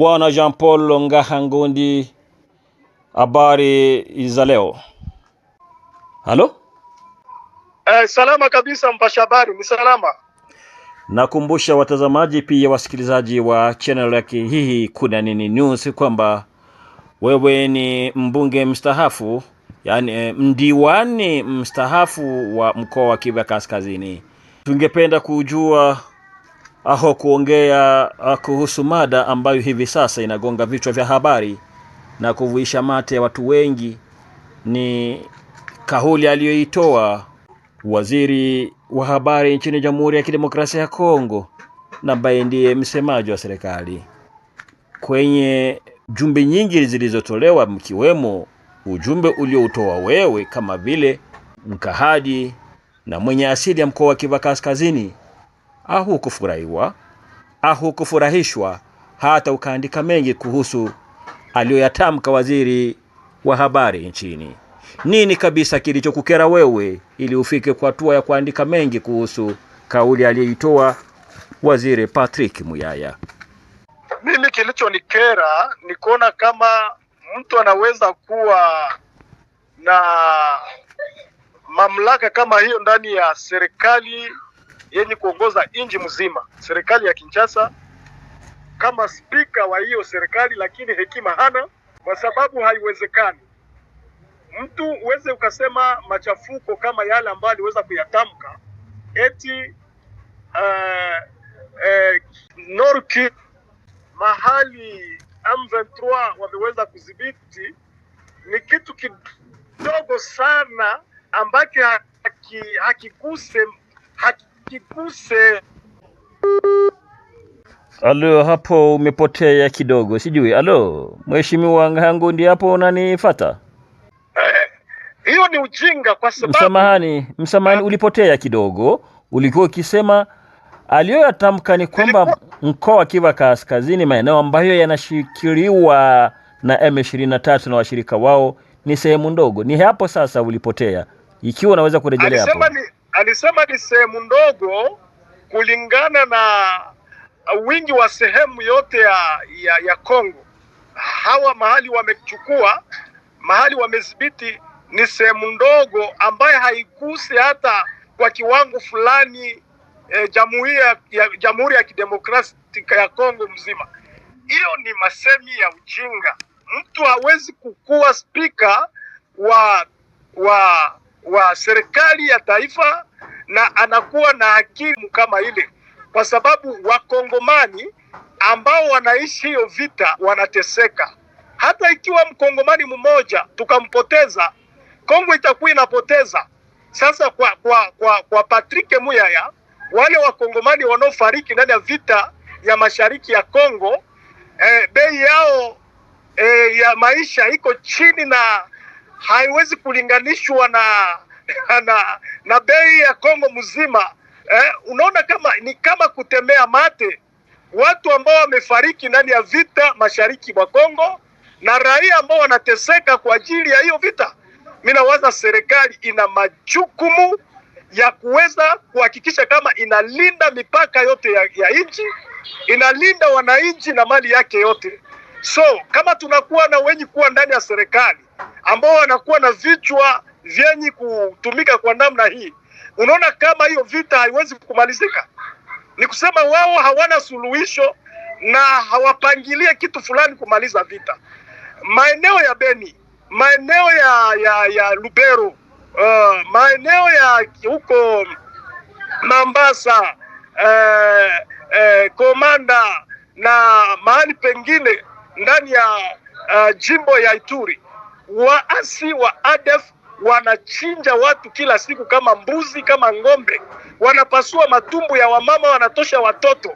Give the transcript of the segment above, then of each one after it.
Bwana Jean Paul ngahangundi habari za leo? Halo. Eh, salama kabisa mpasha habari, ni salama. Nakumbusha watazamaji pia wasikilizaji wa channel yake hii Kuna Nini News kwamba wewe ni mbunge mstahafu, yani eh, mdiwani mstahafu wa mkoa wa Kivu Kaskazini. Tungependa kujua aho kuongea ah, kuhusu mada ambayo hivi sasa inagonga vichwa vya habari na kuvuisha mate ya watu wengi ni kauli aliyoitoa waziri wa habari nchini Jamhuri ya Kidemokrasia ya Kongo na ndiye msemaji wa serikali. Kwenye jumbe nyingi zilizotolewa, mkiwemo ujumbe ulioutoa wewe kama vile mkahaji na mwenye asili ya mkoa wa kiva Kaskazini, Hukufurahiwa, hukufurahishwa hata ukaandika mengi kuhusu aliyoyatamka waziri wa habari nchini. Nini kabisa kilichokukera wewe ili ufike kwa hatua ya kuandika mengi kuhusu kauli aliyoitoa waziri Patrick Muyaya? Mimi kilichonikera ni kuona kama mtu anaweza kuwa na mamlaka kama hiyo ndani ya serikali yenye kuongoza nchi mzima, serikali ya Kinshasa, kama spika wa hiyo serikali, lakini hekima hana, kwa sababu haiwezekani mtu uweze ukasema machafuko kama yale ambayo aliweza kuyatamka eti uh, eh, uh, eh, Norki mahali M23 wameweza kudhibiti ni kitu kidogo sana ambacho hakiguse haki kikuse. Alo, hapo umepotea kidogo, sijui. Alo, mheshimiwa Ngangu, ndi hapo unanifata? Eh, hiyo ni ujinga kwa sababu... Msamahani, msamahani, eh? ulipotea kidogo. Ulikuwa ukisema aliyoyatamka ni kwamba mkoa wa Kivu Kaskazini, maeneo ambayo yanashikiliwa na M23 na washirika wao ni sehemu ndogo. Ni hapo sasa ulipotea, ikiwa unaweza kurejelea hapo alisema ni sehemu ndogo kulingana na wingi wa sehemu yote ya, ya, ya Kongo. Hawa mahali wamechukua, mahali wamedhibiti ni sehemu ndogo ambaye haigusi hata kwa kiwango fulani eh, jamhuri ya, jamhuri ya kidemokrasia ya Kongo mzima. Hiyo ni masemi ya ujinga. Mtu hawezi kukua spika wa wa wa serikali ya taifa na anakuwa na akili kama ile, kwa sababu wakongomani ambao wanaishi hiyo vita wanateseka. Hata ikiwa mkongomani mmoja tukampoteza, Kongo itakuwa inapoteza. Sasa kwa, kwa, kwa, kwa Patrick Muyaya, wale wakongomani wanaofariki ndani ya vita ya mashariki ya Kongo, eh, bei yao eh, ya maisha iko chini na haiwezi kulinganishwa na na, na bei ya Kongo mzima eh. Unaona, kama ni kama kutemea mate watu ambao wamefariki ndani ya vita mashariki mwa Kongo na raia ambao wanateseka kwa ajili ya hiyo vita. Mimi nawaza serikali ina majukumu ya kuweza kuhakikisha kama inalinda mipaka yote ya, ya nchi, inalinda wananchi na mali yake yote. So kama tunakuwa na wenye kuwa ndani ya serikali ambao wanakuwa na vichwa vyenye kutumika kwa namna hii, unaona kama hiyo vita haiwezi kumalizika. Ni kusema wao hawana suluhisho na hawapangilie kitu fulani kumaliza vita. Maeneo ya Beni, maeneo ya ya, ya Lubero, uh, maeneo ya huko Mambasa, uh, uh, Komanda na mahali pengine ndani ya uh, jimbo ya Ituri waasi wa ADF wanachinja watu kila siku kama mbuzi, kama ng'ombe, wanapasua matumbu ya wamama, wanatosha watoto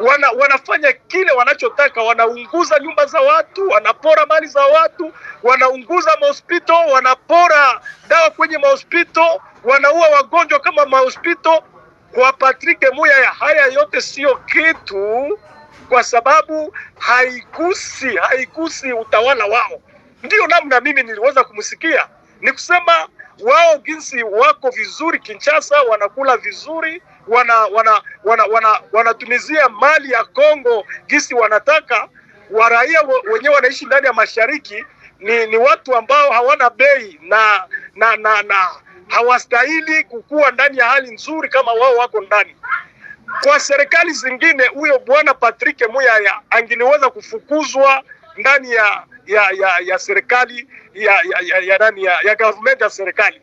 wana, wanafanya kile wanachotaka, wanaunguza nyumba za watu, wanapora mali za watu, wanaunguza mahospito, wanapora dawa kwenye mahospito, wanaua wagonjwa kama mahospito. Kwa Patrick Muyaya, haya yote siyo kitu, kwa sababu haigusi haigusi utawala wao. Ndiyo namna mimi niliweza kumsikia ni kusema wao jinsi wako vizuri Kinshasa, wanakula vizuri, wanatumizia wana, wana, wana, wana mali ya Kongo jinsi wanataka. Waraia wenyewe wanaishi ndani ya mashariki ni, ni watu ambao hawana bei na, na, na, na hawastahili kukuwa ndani ya hali nzuri kama wao wako ndani. Kwa serikali zingine, huyo bwana Patrick Muyaya angeliweza kufukuzwa ndani ya ya ya ya serikali ya ya ya nani ya, ya government ya serikali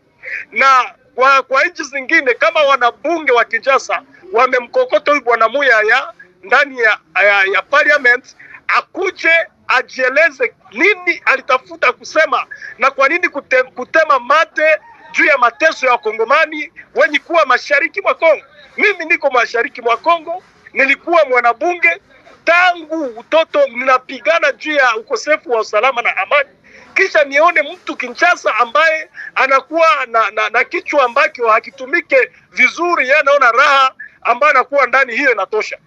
na kwa, kwa nchi zingine kama wanabunge wa Kinshasa wamemkokota huyu bwana Muya ya ndani ya, ya, ya parliament akuje ajieleze nini alitafuta kusema na kwa nini kute, kutema mate juu ya mateso ya wakongomani wenye kuwa mashariki mwa Kongo. Mimi niko mashariki mwa Kongo, nilikuwa mwanabunge tangu utoto ninapigana juu ya ukosefu wa usalama na amani, kisha nione mtu kinchasa ambaye anakuwa na, na, na kichwa ambacho hakitumike vizuri, yeye anaona raha ambayo anakuwa ndani, hiyo inatosha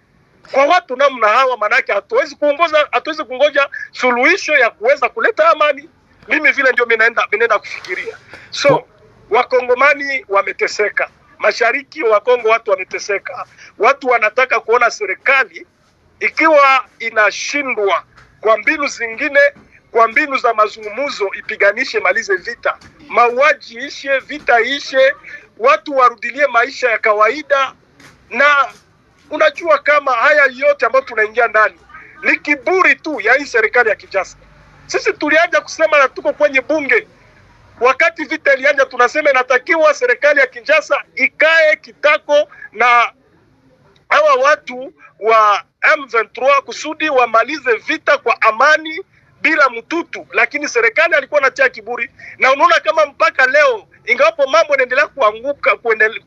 kwa watu namna hawa, manake hatuwezi kuongoza, hatuwezi kungoja suluhisho ya kuweza kuleta amani. Mimi vile ndio minaenda minaenda kufikiria. So wakongomani wameteseka, mashariki wa Kongo watu wameteseka, watu wanataka kuona serikali ikiwa inashindwa kwa mbinu zingine, kwa mbinu za mazungumzo, ipiganishe, malize vita, mauaji ishe, vita ishe, watu warudilie maisha ya kawaida. Na unajua kama haya yote ambayo tunaingia ndani ni kiburi tu ya hii serikali ya kijasa. Sisi tulianja kusema na tuko kwenye bunge wakati vita ilianja tunasema inatakiwa serikali ya kinjasa ikae kitako na hawa watu wa M23 kusudi wamalize vita kwa amani bila mtutu, lakini serikali alikuwa natia kiburi, na unaona kama mpaka leo, ingawapo mambo yanaendelea kuanguka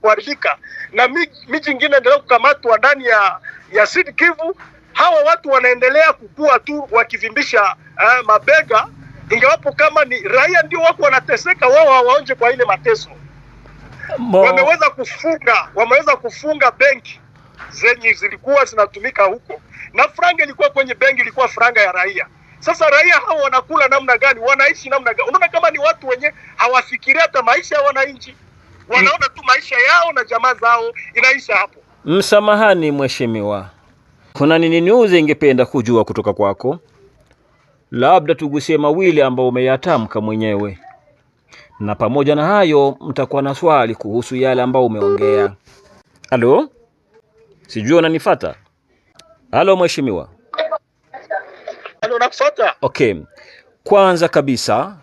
kuharibika na miji ingine inaendelea kukamatwa ndani ya ya Sud Kivu, hawa watu wanaendelea kukua tu wakivimbisha eh, mabega, ingawapo kama ni raia ndio wako wanateseka, wao hawaonje kwa ile mateso. Wameweza kufunga wameweza kufunga benki zenye zilikuwa zinatumika huko, na franga ilikuwa kwenye benki, ilikuwa franga ya raia. Sasa raia hao wanakula namna gani? Wanaishi namna gani? Unaona kama ni watu wenye hawafikiria hata maisha ya wananchi, wanaona tu maisha yao na jamaa zao inaisha hapo. Msamahani mheshimiwa, kuna nini news ingependa kujua kutoka kwako? Labda tugusie mawili ambayo umeyatamka mwenyewe, na pamoja na hayo mtakuwa na swali kuhusu yale ambayo umeongea. Halo. Sijui unanifuata? Halo mheshimiwa. Halo nakufuata. Okay. Kwanza kabisa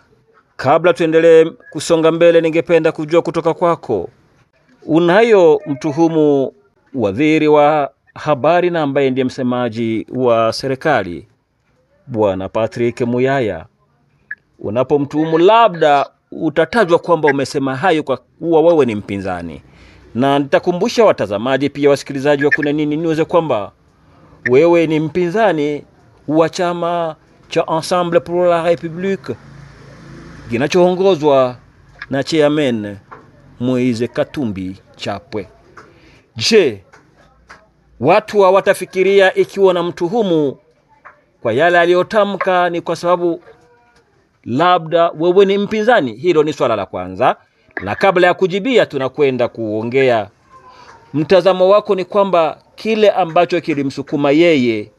kabla tuendelee kusonga mbele, ningependa kujua kutoka kwako, unayo mtuhumu waziri wa habari na ambaye ndiye msemaji wa serikali Bwana Patrick Muyaya, unapomtuhumu labda utatajwa kwamba umesema hayo kwa kuwa wewe ni mpinzani na nitakumbusha watazamaji pia wasikilizaji wa Kuna Nini News kwamba wewe ni mpinzani wa chama cha Ensemble pour la République kinachoongozwa na chairman Moise Katumbi Chapwe. Je, watu hawatafikiria ikiwa na mtuhumu kwa yale aliyotamka ni kwa sababu labda wewe ni mpinzani? Hilo ni swala la kwanza. Na kabla ya kujibia, tunakwenda kuongea mtazamo wako ni kwamba kile ambacho kilimsukuma yeye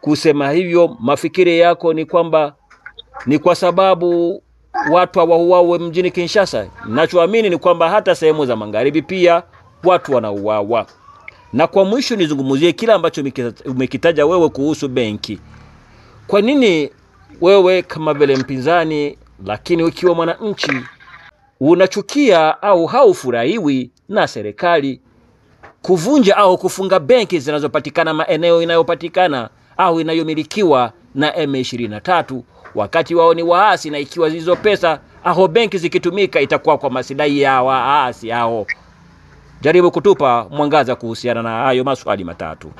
kusema hivyo, mafikiri yako ni kwamba ni kwa sababu watu hawauawe mjini Kinshasa. Nachoamini ni kwamba hata sehemu za magharibi pia watu wanauawa. Na kwa mwisho nizungumzie kile ambacho umekitaja wewe kuhusu benki. Kwa nini wewe kama vile mpinzani, lakini ukiwa mwananchi unachukia au haufurahiwi na serikali kuvunja au kufunga benki zinazopatikana maeneo inayopatikana au inayomilikiwa na M23 wakati wao ni waasi, na ikiwa hizo pesa aho benki zikitumika itakuwa kwa masilahi ya waasi hao. Jaribu kutupa mwangaza kuhusiana na hayo maswali matatu.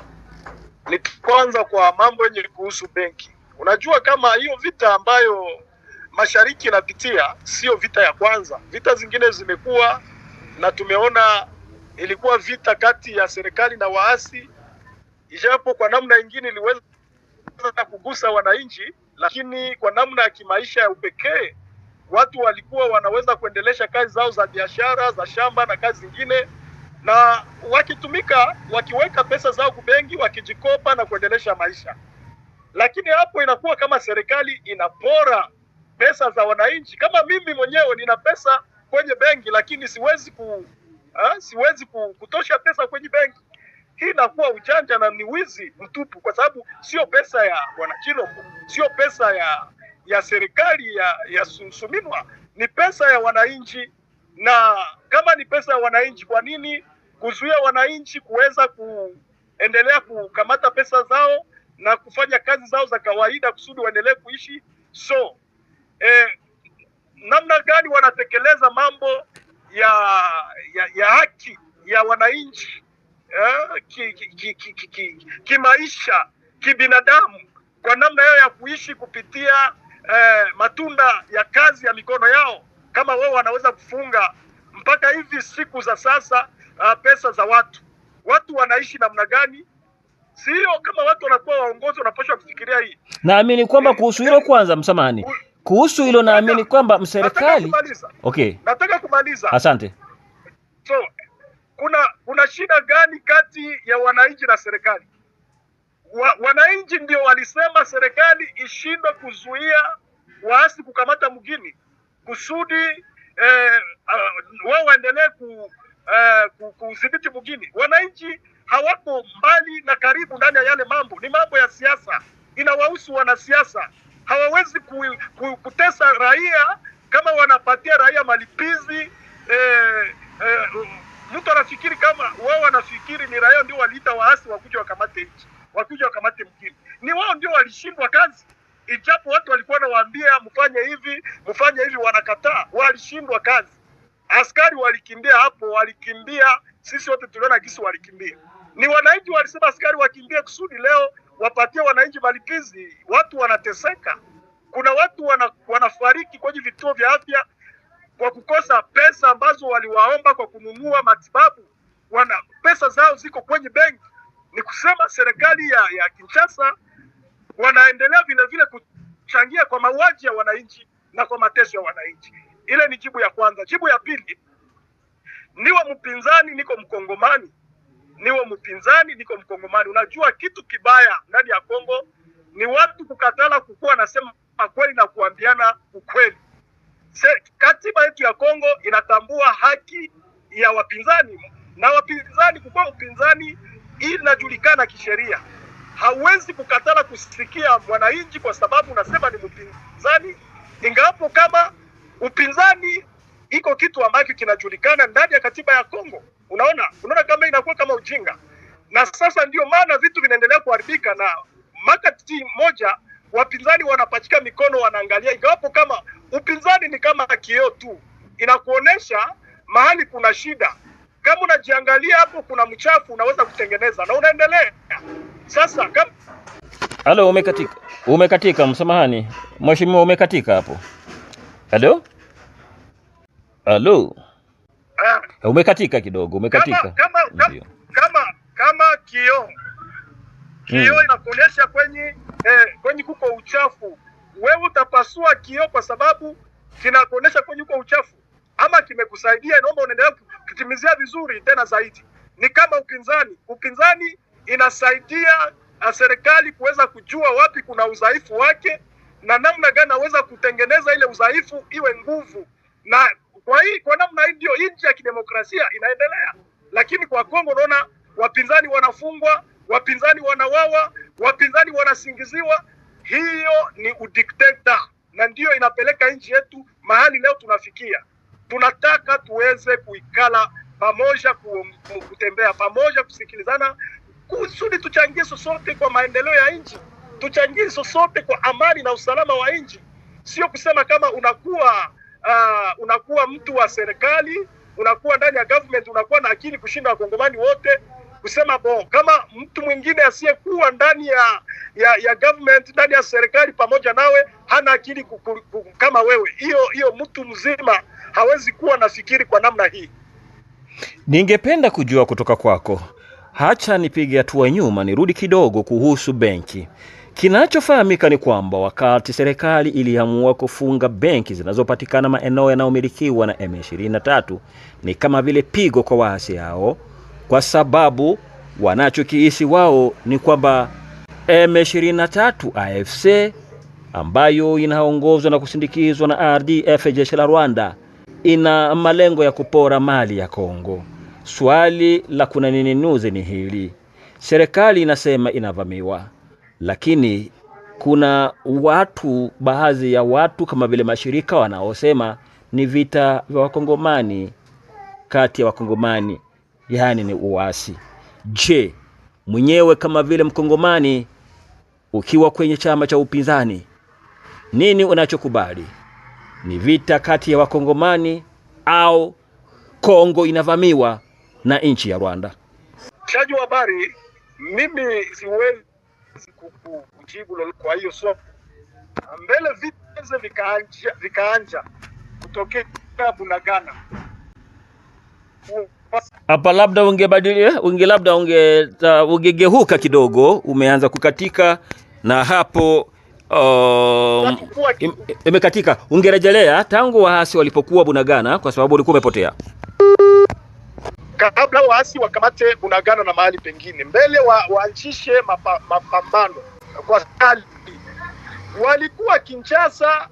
Ni kwanza kwa mambo yenye kuhusu benki, unajua kama hiyo vita ambayo mashariki inapitia, sio vita ya kwanza. Vita zingine zimekuwa na tumeona ilikuwa vita kati ya serikali na waasi, ijapo kwa namna nyingine iliweza kugusa wananchi, lakini kwa namna ya kimaisha ya upekee watu walikuwa wanaweza kuendelesha kazi zao za biashara, za shamba na kazi zingine, na wakitumika, wakiweka pesa zao kubenki, wakijikopa na kuendelesha maisha. Lakini hapo inakuwa kama serikali inapora pesa za wananchi. Kama mimi mwenyewe nina pesa kwenye benki, lakini siwezi ku ha, siwezi ku, kutosha pesa kwenye benki, hii inakuwa ujanja na ni wizi mtupu, kwa sababu sio pesa ya bwana Chilombo, sio pesa ya ya serikali ya, ya Suminwa, ni pesa ya wananchi. Na kama ni pesa ya wananchi, kwa nini kuzuia wananchi kuweza kuendelea kukamata pesa zao na kufanya kazi zao za kawaida kusudi waendelee kuishi so eh, namna gani wanatekeleza mambo ya ya, ya haki ya wananchi eh, kimaisha ki, ki, ki, ki, ki kibinadamu kwa namna yao ya kuishi kupitia eh, matunda ya kazi ya mikono yao, kama wao wanaweza kufunga mpaka hivi siku za sasa uh, pesa za watu watu wanaishi namna gani? Sio kama watu wanakuwa waongozi wanapaswa kufikiria hii. Naamini kwamba eh, kuhusu hilo eh, kwanza, msamani kuhusu hilo naamini kwamba mserikali. Okay, nataka kumaliza. Asante. So kuna kuna shida gani kati ya wananchi na serikali? Wa, wananchi ndio walisema serikali ishindwe kuzuia waasi kukamata mgini kusudi eh, uh, wao waendelee ku, uh, kudhibiti mgini. Wananchi hawako mbali na karibu ndani ya yale mambo, ni mambo ya siasa, inawahusu wanasiasa hawawezi ku, ku, kutesa raia kama wanapatia raia malipizi eh, eh, mtu anafikiri kama wao wanafikiri ni raia ndio waliita waasi wakuja wakamate nchi, wakuja wakamate mkini Ni wao ndio walishindwa kazi, ijapo watu walikuwa wanawaambia mfanye hivi mfanye hivi, wanakataa. Walishindwa kazi, askari walikimbia hapo, walikimbia. Sisi wote tuliona gisi walikimbia. Ni wananchi walisema askari wakimbie kusudi leo wapatie wananchi malipizi. Watu wanateseka, kuna watu wana, wanafariki kwenye vituo vya afya kwa kukosa pesa ambazo waliwaomba kwa kununua matibabu. Wana pesa zao ziko kwenye benki. Ni kusema serikali ya, ya Kinshasa wanaendelea vile vile kuchangia kwa mauaji ya wananchi na kwa mateso ya wananchi. Ile ni jibu ya kwanza. Jibu ya pili, niwa mpinzani, niko mkongomani niwe mpinzani, niko Mkongomani. Unajua kitu kibaya ndani ya Kongo ni watu kukatala kukuwa nasema kweli na kuambiana ukweli. Katiba yetu ya Kongo inatambua haki ya wapinzani na wapinzani, kukuwa upinzani inajulikana kisheria. Hauwezi kukatala kusikia mwananchi kwa sababu unasema ni mpinzani, ingawapo kama upinzani iko kitu ambacho kinajulikana ndani ya katiba ya Kongo. Unaona, unaona kama inakuwa kama ujinga, na sasa ndio maana vitu vinaendelea kuharibika. Na makati moja wapinzani wanapachika mikono, wanaangalia ingawapo kama upinzani ni kama kioo tu, inakuonesha mahali kuna shida. Kama unajiangalia hapo kuna mchafu, unaweza kutengeneza na unaendelea sasa kama... Halo, umekatika, umekatika. Msamahani mheshimiwa, umekatika hapo. Halo, halo uh, umekatika kidogo, umekatika kama kama, kama, kama kioo kioo mm. inakuonyesha kwenye eh, kwenye kuko uchafu, wewe utapasua kioo kwa sababu kinakuonyesha kwenye kuko uchafu, ama kimekusaidia, naomba unaendelea kutimizia vizuri tena zaidi. Ni kama upinzani, upinzani inasaidia ah, serikali kuweza kujua wapi kuna udhaifu wake na namna gani naweza kutengeneza ile udhaifu iwe nguvu na kwa hii kwa namna hii ndio nchi ya kidemokrasia inaendelea, lakini kwa Kongo unaona wapinzani wanafungwa, wapinzani wanawawa, wapinzani wanasingiziwa. Hiyo ni udikteta na ndiyo inapeleka nchi yetu mahali leo tunafikia. Tunataka tuweze kuikala pamoja, kutembea pamoja, kusikilizana kusudi tuchangie sosote kwa maendeleo ya nchi, tuchangie sosote kwa amani na usalama wa nchi, sio kusema kama unakuwa uh, unakuwa mtu wa serikali, unakuwa ndani ya government, unakuwa na akili kushinda wakongomani wote kusema bo, kama mtu mwingine asiyekuwa ndani ya, ya ya government ndani ya serikali pamoja nawe hana akili kama wewe. Hiyo hiyo mtu mzima hawezi kuwa na fikiri kwa namna hii. Ningependa kujua kutoka kwako, hacha nipige hatua nyuma, nirudi kidogo kuhusu benki. Kinachofahamika ni kwamba wakati serikali iliamua kufunga benki zinazopatikana maeneo yanayomilikiwa na M23 ni kama vile pigo kwa waasi hao, kwa sababu wanachokihisi wao ni kwamba M23 AFC ambayo inaongozwa na kusindikizwa na RDF, jeshi la Rwanda, ina malengo ya kupora mali ya Kongo. Swali la kuna nini nuzi ni hili: serikali inasema inavamiwa lakini kuna watu, baadhi ya watu kama vile mashirika wanaosema ni vita vya wakongomani kati ya wakongomani, yaani ni uasi. Je, mwenyewe kama vile mkongomani ukiwa kwenye chama cha upinzani, nini unachokubali? Ni vita kati ya wakongomani au Kongo inavamiwa na nchi ya Rwanda? Shaji wa habari, mimi siwezi kujibu lolo. Kwa hiyo so mbele vita vikaanja, vikaanja kutokea Bunagana hapa labda ungebadilia eh, unge labda unge uh, ungegeuka kidogo, umeanza kukatika na hapo um, imekatika. Ungerejelea tangu waasi walipokuwa Bunagana, kwa sababu ulikuwa umepotea kabla waasi wakamate Bunagana na mahali pengine mbele, wa, mapambano mapa, mapambano kwa kali. Walikuwa Kinshasa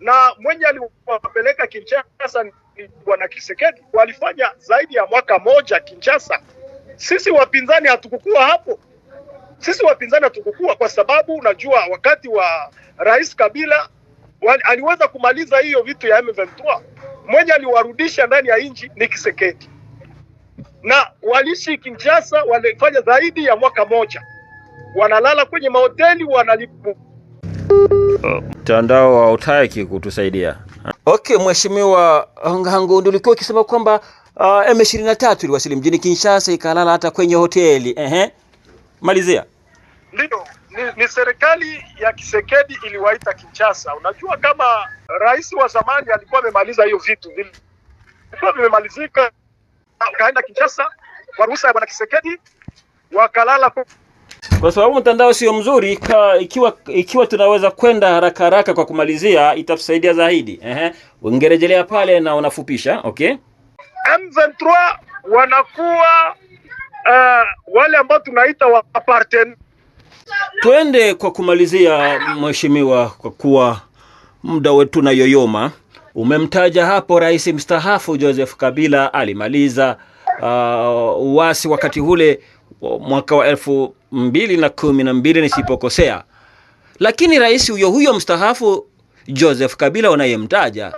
na mwenye aliwapeleka Kinshasa ni bwana Kisekedi. Walifanya zaidi ya mwaka moja Kinshasa. Sisi wapinzani hatukukua hapo, sisi wapinzani hatukukua kwa sababu unajua, wakati wa Rais Kabila aliweza kumaliza hiyo vitu ya M23. Mwenye aliwarudisha ndani ya nchi ni Kisekedi na walishi Kinshasa, walifanya zaidi ya mwaka moja, wanalala kwenye mahoteli wanalipu. Mtandao wa utaki kutusaidia. Okay, Mheshimiwa Ngango, ulikuwa ukisema kwamba uh, M23 iliwasili mjini Kinshasa ikalala hata kwenye hoteli. Ehe. Malizia. Ndio, ni, ni serikali ya Kisekedi iliwaita Kinshasa. Unajua kama rais wa zamani alikuwa amemaliza hiyo vitu. Vilikuwa vimemalizika akaenda Kinshasa kwa ruhusa ya bwana Kisekedi wakalala kwa sababu mtandao sio mzuri ka, ikiwa ikiwa tunaweza kwenda haraka haraka kwa kumalizia itatusaidia zaidi. Ehe, ungerejelea pale na unafupisha okay. M23 wanakuwa uh, wale ambao tunaita wa parten. Twende kwa kumalizia mheshimiwa, kwa kuwa muda wetu na yoyoma Umemtaja hapo rais mstaafu Joseph Kabila alimaliza uh, uasi wakati ule mwaka wa elfu mbili na kumi na mbili nisipokosea, lakini rais huyo huyo mstaafu Joseph Kabila unayemtaja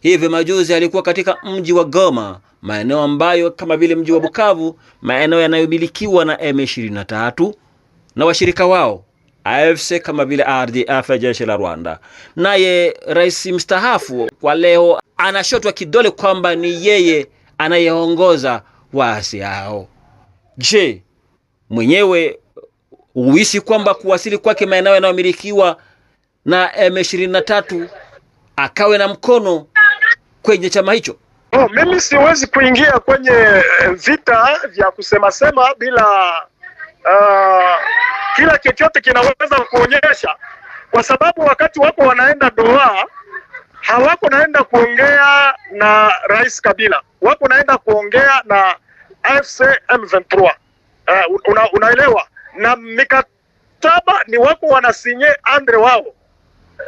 hivi majuzi alikuwa katika mji wa Goma, maeneo ambayo kama vile mji wa Bukavu, maeneo yanayomilikiwa na M23 na washirika wao. AFC kama vile RDF ya jeshi la Rwanda. Naye rais mstaafu kwa leo anashotwa kidole kwamba ni yeye anayeongoza waasi hao. Je, mwenyewe uhisi kwamba kuwasili kwake maeneo yanayomilikiwa na M23 akawe na mkono kwenye chama hicho? Oh, mimi siwezi kuingia kwenye vita vya kusema sema bila uh kila chochote kinaweza kuonyesha, kwa sababu wakati wako wanaenda doa hawako naenda kuongea na Rais Kabila, wako naenda kuongea na AFC M23. Uh, una, unaelewa na mikataba ni wako wanasinye andre wao.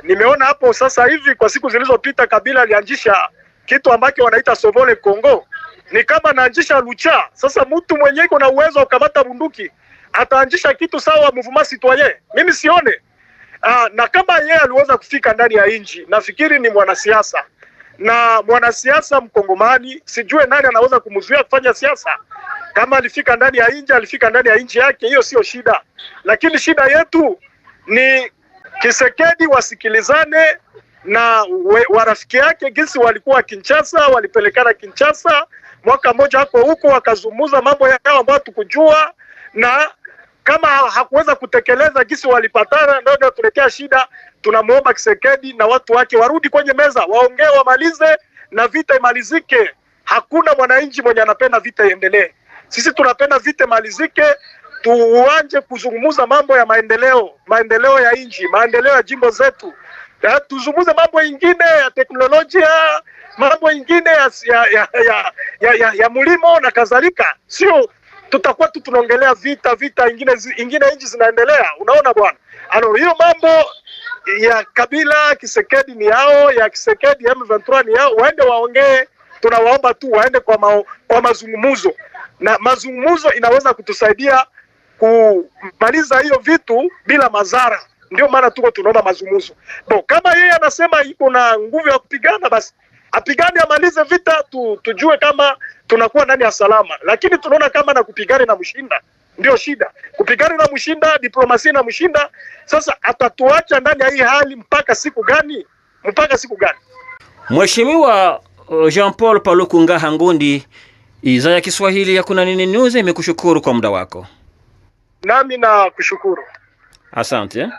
Nimeona hapo sasa hivi kwa siku zilizopita Kabila alianzisha kitu ambacho wanaita Sovole Kongo, ni kama naanzisha lucha. Sasa mtu mwenyewe iko na uwezo wa kukamata bunduki ataanzisha kitu sawa mvuma citoyen, mimi sione Aa, ah, na kama yeye aliweza kufika ndani ya nchi, nafikiri ni mwanasiasa na mwanasiasa Mkongomani, sijue nani anaweza kumzuia kufanya siasa. Kama alifika ndani ya nchi, alifika ndani ya nchi yake, hiyo sio shida, lakini shida yetu ni Kisekedi wasikilizane na warafiki yake gisi walikuwa kinchasa walipelekana kinchasa mwaka mmoja hapo huko, wakazumuza mambo yao ambayo tukujua na kama hakuweza kutekeleza jinsi walipatana, ndio inatuletea shida. Tunamwomba Kisekedi na watu wake warudi kwenye meza, waongee, wamalize na vita imalizike. Hakuna mwananchi mwenye anapenda vita iendelee. Sisi tunapenda vita imalizike, tuanje kuzungumza mambo ya maendeleo, maendeleo ya nchi, maendeleo ya jimbo zetu, tuzungumze mambo ingine ya teknolojia, mambo ingine ya, ya, ya, ya, ya, ya, ya mulimo na kadhalika, sio tutakuwa tu tunaongelea vita vita, ingine ingine nchi zinaendelea. Unaona bwana, ano hiyo mambo ya Kabila Kisekedi ni yao, ya Kisekedi M23 ni yao, waende waongee. Tunawaomba tu waende kwa, mao, kwa mazungumuzo na mazungumuzo inaweza kutusaidia kumaliza hiyo vitu bila madhara. Ndio maana tuko tunaomba mazungumzo. Bo, kama yeye anasema iko na nguvu ya kupigana basi apigane amalize vita tu, tujue kama tunakuwa ndani ya salama, lakini tunaona kama na kupigana na mshinda ndio shida. Kupigana na mshinda, diplomasia na mshinda. Sasa atatuacha ndani ya hii hali mpaka siku gani? Mpaka siku gani? Mheshimiwa uh, Jean Paul Paluku Ngaha Ngundi, idhaa ya Kiswahili ya Kuna Nini News imekushukuru kwa muda wako. Nami na kushukuru, asante. Eh?